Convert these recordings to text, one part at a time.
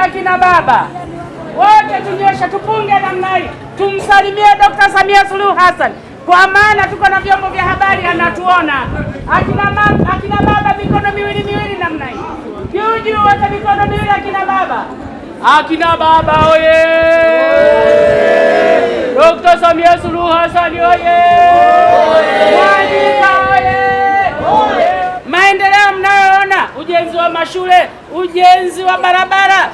wote akina baba wote tunyoshe, tupunge namna hii, tumsalimie dokta Samia Suluhu Hassan kwa maana tuko na vyombo vya habari, anatuona. Akina mama, akina baba, mikono miwili miwili namna hii juu juu, wote mikono miwili, akina baba, akina baba oye! dokta Samia Suluhu Hassan oye! Maendeleo mnayoona, ujenzi wa mashule ujenzi wa barabara,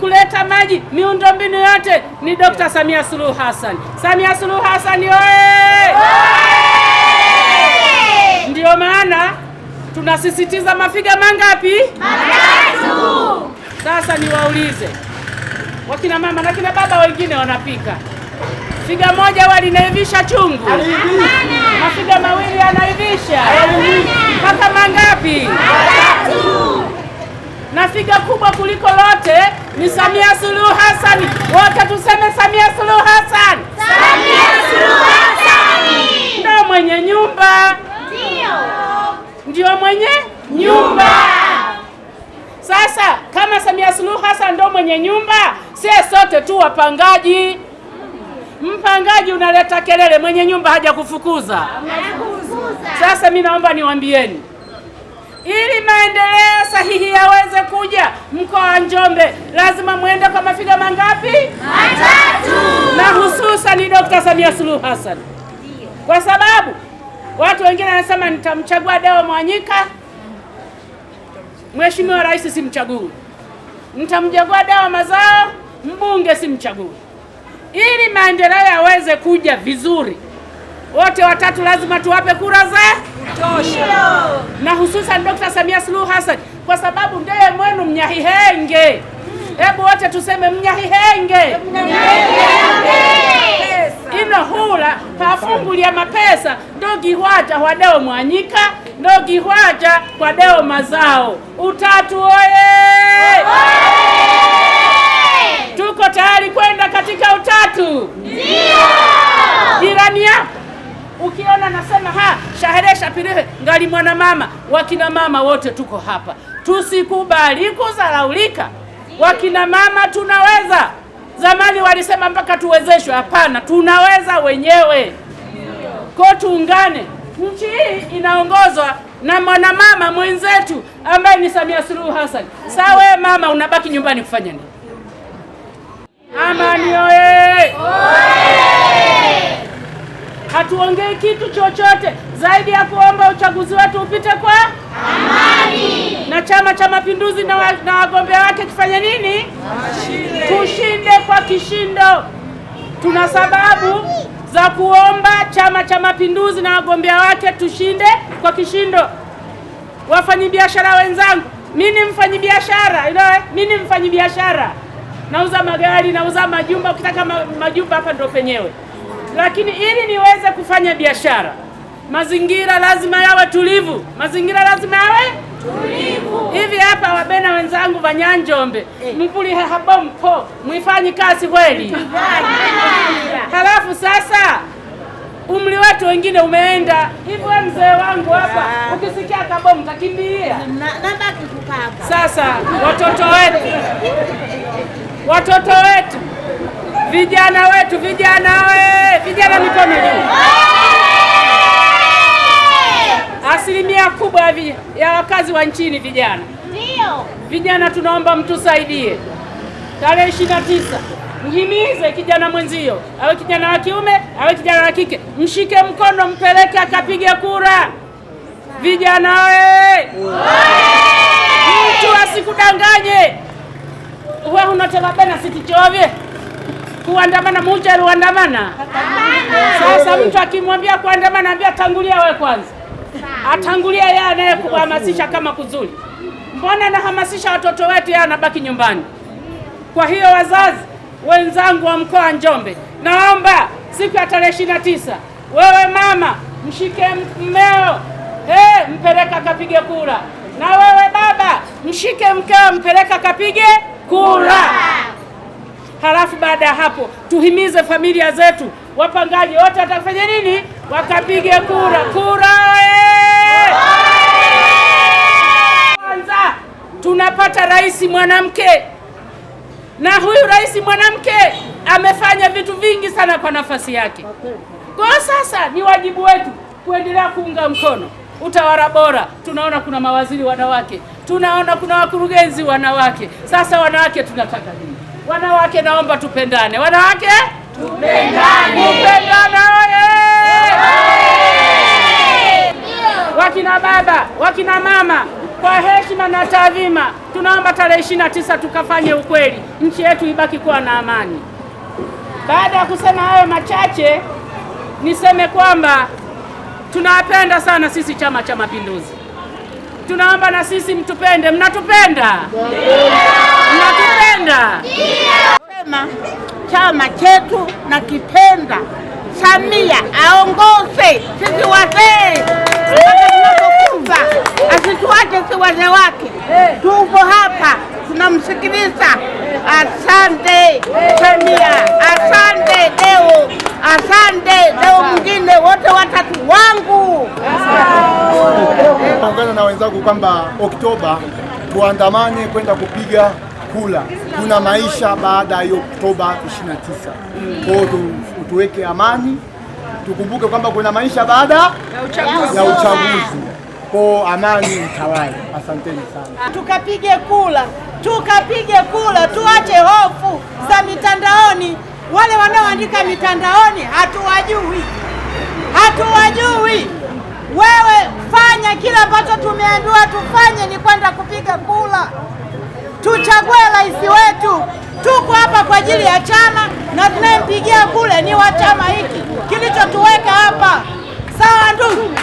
kuleta maji, miundombinu yote ni Dr. Samia Suluhu Hassan. Samia Suluhu Hassan oye! Ndiyo maana tunasisitiza mafiga mangapi? Matatu. Sasa niwaulize wakina mama na kina baba wengine wanapika figa moja walinaivisha chungu, mafiga mawili yanaivisha mpaka mangapi? Matatu na figa kubwa kuliko lote ni Samia Suluhu Hassan. Wote tuseme Samia Suluhu Hassan, Samia Suluhu Hassan ndio mwenye nyumba, ndio mwenye nyumba. Sasa kama Samia Suluhu Hassan ndio mwenye nyumba, sie sote tu wapangaji. Mpangaji unaleta kelele, mwenye nyumba haja kufukuza Sasa mimi naomba niwaambieni ili maendeleo sahihi yaweze kuja mkoa wa Njombe, lazima mwende kwa mafiga mangapi? Matatu, na hususan Dr. Samia Suluhu Hassan, kwa sababu watu wengine wanasema nitamchagua Dawa Mwanyika, mheshimiwa rais simchagui, nitamchagua Dawa Mazao, mbunge simchagui. Ili maendeleo yaweze kuja vizuri wote watatu lazima tuwape kura za kutosha, na hususan Dr. Samia Suluhu Hassan kwa sababu ndiye mwenu Mnyahihenge. Mm. Hebu wote tuseme Mnyahihenge, ino hula pafungulya mapesa ndogihwaja wadeo mwanyika ndogihwaja hwadeo mazao utatu oye! Tuko tayari kwenda katika utatu. Chapirehe ngali mwana mama, wakina mama wote tuko hapa, tusikubali kuzalaulika Wakina mama tunaweza. Zamani walisema mpaka tuwezeshwe. Hapana, tunaweza wenyewe. Ko, tuungane. Nchi hii inaongozwa na mwanamama mwenzetu ambaye ni Samia Suluhu Hassan. Saa wewe mama unabaki nyumbani kufanya nini? Amani oye! hatuongei kitu chochote zaidi ya kuomba uchaguzi wetu upite kwa amani, na Chama cha Mapinduzi na wagombea wake kifanye nini? Tushinde kwa kishindo. Tuna sababu za kuomba Chama cha Mapinduzi na wagombea wake tushinde kwa kishindo. Wafanyabiashara wenzangu, mimi ni mfanyabiashara, mimi ni mfanyabiashara, nauza magari, nauza majumba. Ukitaka majumba hapa ndo penyewe. Lakini ili niweze kufanya biashara, mazingira lazima yawe tulivu, mazingira lazima yawe tulivu. Hivi hapa wabena wenzangu vanyanjombe, eh. mpuli hapo mpo mwifanyi kazi kweli? Halafu sasa umri wetu wengine umeenda hivyo, mzee wangu hapa ukisikia kabomu takimbia. Sasa watoto wetu watoto wetu Vijana wetu, vijana we, vijana mikono juu. Asilimia kubwa ya wakazi wa nchini vijana. Ndio. Vijana tunaomba mtusaidie, tarehe ishirini na tisa mhimize kijana mwenzio, awe kijana wa kiume, awe kijana wa kike, mshike mkono, mpeleke akapiga kura. Vijana we, mtu asikudanganye, wewe unatema bena siti chovye kuandamana, Munja aliandamana. Sasa mtu akimwambia kuandamana, ambia tangulia wewe kwanza, atangulia yeye anayekuhamasisha kama kuzuri. Mbona anahamasisha watoto wetu, yeye anabaki nyumbani. Kwa hiyo wazazi wenzangu wa mkoa Njombe, naomba siku ya tarehe ishirini na tisa wewe mama mshike mmeo hey, eh, mpeleka kapige kura, na wewe baba mshike mkeo mpeleka kapige kura. Alafu baada ya hapo tuhimize familia zetu, wapangaji wote watafanya nini? Wakapige kura. Kura kwanza, tunapata rais mwanamke, na huyu rais mwanamke amefanya vitu vingi sana kwa nafasi yake. Kwa sasa ni wajibu wetu kuendelea kuunga mkono utawala bora. Tunaona kuna mawaziri wanawake, tunaona kuna wakurugenzi wanawake. Sasa wanawake tunataka nini? Wanawake, naomba tupendane. Wanawake tupendane, tupendane oye! Wakina baba, wakina mama, kwa heshima na taadhima, tunaomba tarehe ishirini na tisa tukafanye ukweli, nchi yetu ibaki kuwa na amani. Baada ya kusema hayo machache, niseme kwamba tunawapenda sana sisi Chama cha Mapinduzi. Tunaomba na sisi mtupende. Mnatupenda? Mnatupenda? kipenda sema chama chetu kipenda Samia aongoze sisi wazee tunapokufa, asituache si wazee wake, tuko hapa tunamsikiliza. Asante Samia, asante Deo, asante Deo mwingine wote watatu wangu ungana na wenzangu kwamba Oktoba tuandamane kwenda kupiga chakula, kuna maisha baada ya Oktoba 29. Kwa hiyo tuweke amani, tukumbuke kwamba kuna maisha baada ya uchaguzi. Kwa amani mtawali Asanteni sana, tukapige kula, tukapige kula, tuache hofu za mitandaoni. Wale wanaoandika mitandaoni hatuwajui, hatuwajui. Wewe fanya kila ambacho tumeambiwa tufanye, ni kwenda kupiga kula tuchague rais wetu. Tuko hapa kwa ajili ya chama na tunayempigia kule ni wa chama hiki kilichotuweka hapa. Sawa ndugu.